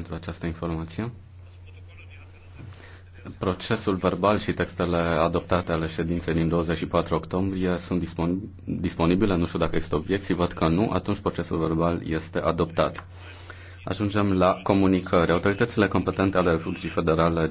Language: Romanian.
pentru această informație. Procesul verbal și textele adoptate ale ședinței din 24 octombrie sunt disponibile, nu știu dacă există obiecții, văd că nu, atunci procesul verbal este adoptat. Ajungem la comunicări. Autoritățile competente ale Republicii Federale